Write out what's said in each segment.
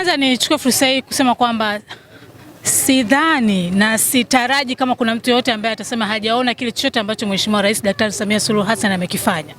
Kwanza nichukue fursa hii kusema kwamba sidhani na sitaraji kama kuna mtu yoyote ambaye atasema hajaona kile chochote ambacho Mheshimiwa Rais Daktari Samia Suluhu Hassan amekifanya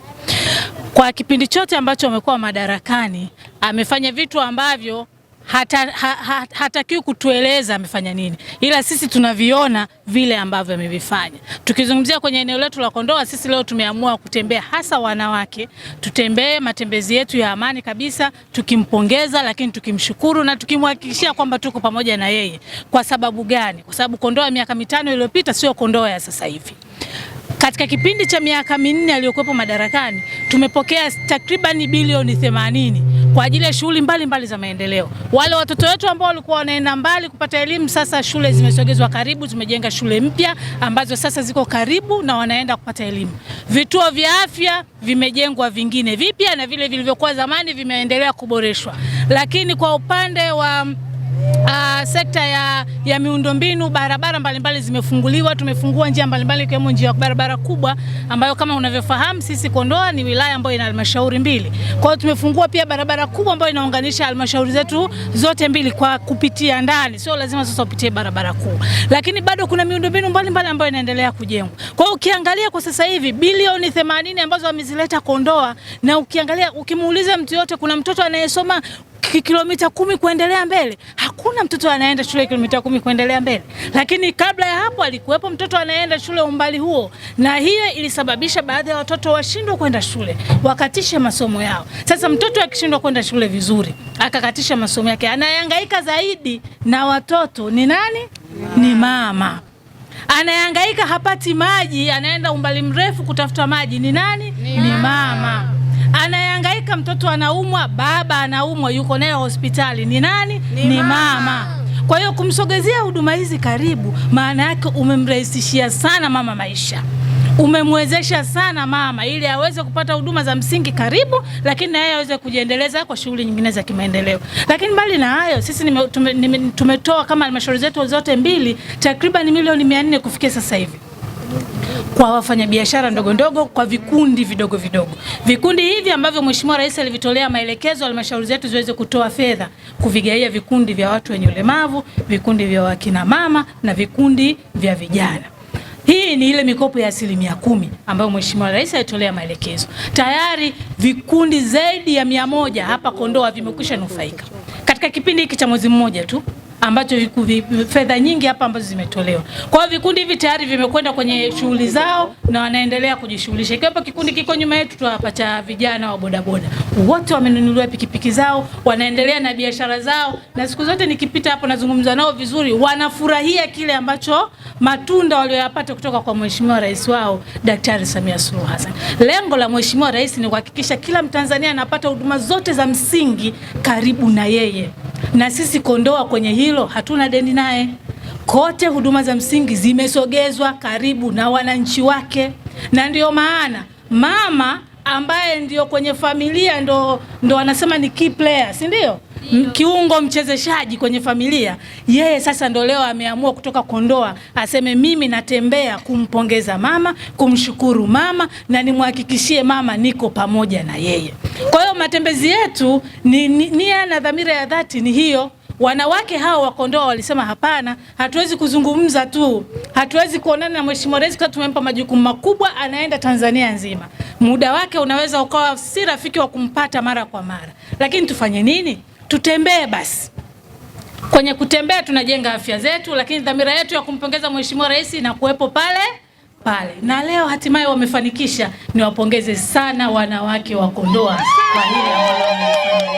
kwa kipindi chote ambacho amekuwa madarakani. Amefanya vitu ambavyo hata, ha, hatakiwi kutueleza amefanya nini, ila sisi tunaviona vile ambavyo amevifanya. Tukizungumzia kwenye eneo letu la Kondoa, sisi leo tumeamua kutembea, hasa wanawake, tutembee matembezi yetu ya amani kabisa, tukimpongeza lakini tukimshukuru na tukimhakikishia kwamba tuko pamoja na yeye. Kwa sababu gani? Kwa sababu Kondoa miaka mitano iliyopita sio Kondoa ya sasa hivi. Katika kipindi cha miaka minne aliyokuwepo madarakani tumepokea takribani bilioni themanini kwa ajili ya shughuli mbalimbali za maendeleo. Wale watoto wetu ambao walikuwa wanaenda mbali kupata elimu, sasa shule zimesogezwa karibu, zimejenga shule mpya ambazo sasa ziko karibu na wanaenda kupata elimu. Vituo vya afya vimejengwa vingine vipya na vile vilivyokuwa zamani vimeendelea kuboreshwa, lakini kwa upande wa Uh, sekta ya, ya miundombinu barabara mbalimbali zimefunguliwa. Tumefungua njia mbalimbali ikiwemo njia ya barabara kubwa ambayo kama unavyofahamu sisi Kondoa ni wilaya ambayo ina halmashauri mbili. Kwa hiyo tumefungua pia barabara kubwa ambayo inaunganisha halmashauri zetu zote mbili kwa kupitia ndani, sio lazima sasa upitie barabara kuu, lakini bado kuna miundombinu mbalimbali ambayo inaendelea kujengwa. Kwa hiyo ukiangalia kwa sasa hivi bilioni 80 ambazo wamezileta Kondoa, na ukiangalia ukimuuliza mtu yote, kuna mtoto anayesoma kilomita kumi kuendelea mbele hakuna mtoto anaenda shule kilomita kumi kuendelea mbele, lakini kabla ya hapo alikuwepo mtoto anaenda shule umbali huo, na hiyo ilisababisha baadhi ya watoto washindwe kwenda shule, wakatishe masomo yao. Sasa mtoto akishindwa kwenda shule vizuri, akakatisha masomo yake, anahangaika zaidi na watoto ni nani? Ni mama anahangaika, hapati maji, anaenda umbali mrefu kutafuta maji. Ni nani? Ni mama anayehangaika mtoto anaumwa, baba anaumwa, yuko naye hospitali, ni nani? Ni, ni mama, mama. Kwa hiyo kumsogezea huduma hizi karibu, maana yake umemrahisishia sana mama maisha, umemwezesha sana mama ili aweze kupata huduma za msingi karibu, lakini na yeye aweze kujiendeleza kwa shughuli nyingine za kimaendeleo. Lakini mbali na hayo, sisi nime, tume, nime, tumetoa kama halmashauri zetu zote mbili takriban milioni mia nne kufikia sasa hivi kwa wafanyabiashara ndogo ndogo, kwa vikundi vidogo vidogo, vikundi hivi ambavyo Mheshimiwa Rais alivitolea maelekezo halmashauri zetu ziweze kutoa fedha kuvigaia vikundi vya watu wenye ulemavu, vikundi vya wakina mama na vikundi vya vijana. Hii ni ile mikopo ya asilimia kumi ambayo Mheshimiwa Rais alitolea maelekezo. Tayari vikundi zaidi ya mia moja hapa Kondoa vimekwisha nufaika katika kipindi hiki cha mwezi mmoja tu ambacho fedha nyingi hapa ambazo zimetolewa. Kwa hiyo vikundi hivi tayari vimekwenda kwenye shughuli zao na wanaendelea kujishughulisha. Ikiwapo kikundi kiko nyuma yetu tu hapa cha vijana wa bodaboda, wote wamenunuliwa pikipiki zao, wanaendelea na biashara zao, na siku zote nikipita hapo nazungumza nao vizuri, wanafurahia kile ambacho matunda walioyapata kutoka kwa Mheshimiwa Rais wao Daktari Samia Suluhu Hassan. Lengo la Mheshimiwa Rais ni kuhakikisha kila Mtanzania anapata huduma zote za msingi karibu na yeye na sisi Kondoa kwenye hilo hatuna deni naye. Kote huduma za msingi zimesogezwa karibu na wananchi wake, na ndio maana mama ambaye ndio kwenye familia ndo, ndo anasema ni key player, si ndio? Hmm? kiungo mchezeshaji kwenye familia, yeye sasa ndo leo ameamua kutoka Kondoa aseme mimi natembea kumpongeza mama, kumshukuru mama na nimhakikishie mama niko pamoja na yeye. Kwa hiyo matembezi yetu ni nia na dhamira ya dhati ni hiyo. Wanawake hao wa Kondoa walisema hapana, hatuwezi kuzungumza tu, hatuwezi kuonana na mheshimiwa rais kwa tumempa majukumu makubwa, anaenda Tanzania nzima, muda wake unaweza ukawa si rafiki wa kumpata mara kwa mara, lakini tufanye nini? tutembee basi. Kwenye kutembea tunajenga afya zetu, lakini dhamira yetu ya kumpongeza Mheshimiwa Rais na kuwepo pale pale, na leo hatimaye wamefanikisha. Niwapongeze sana wanawake wa Kondoa kwa hili.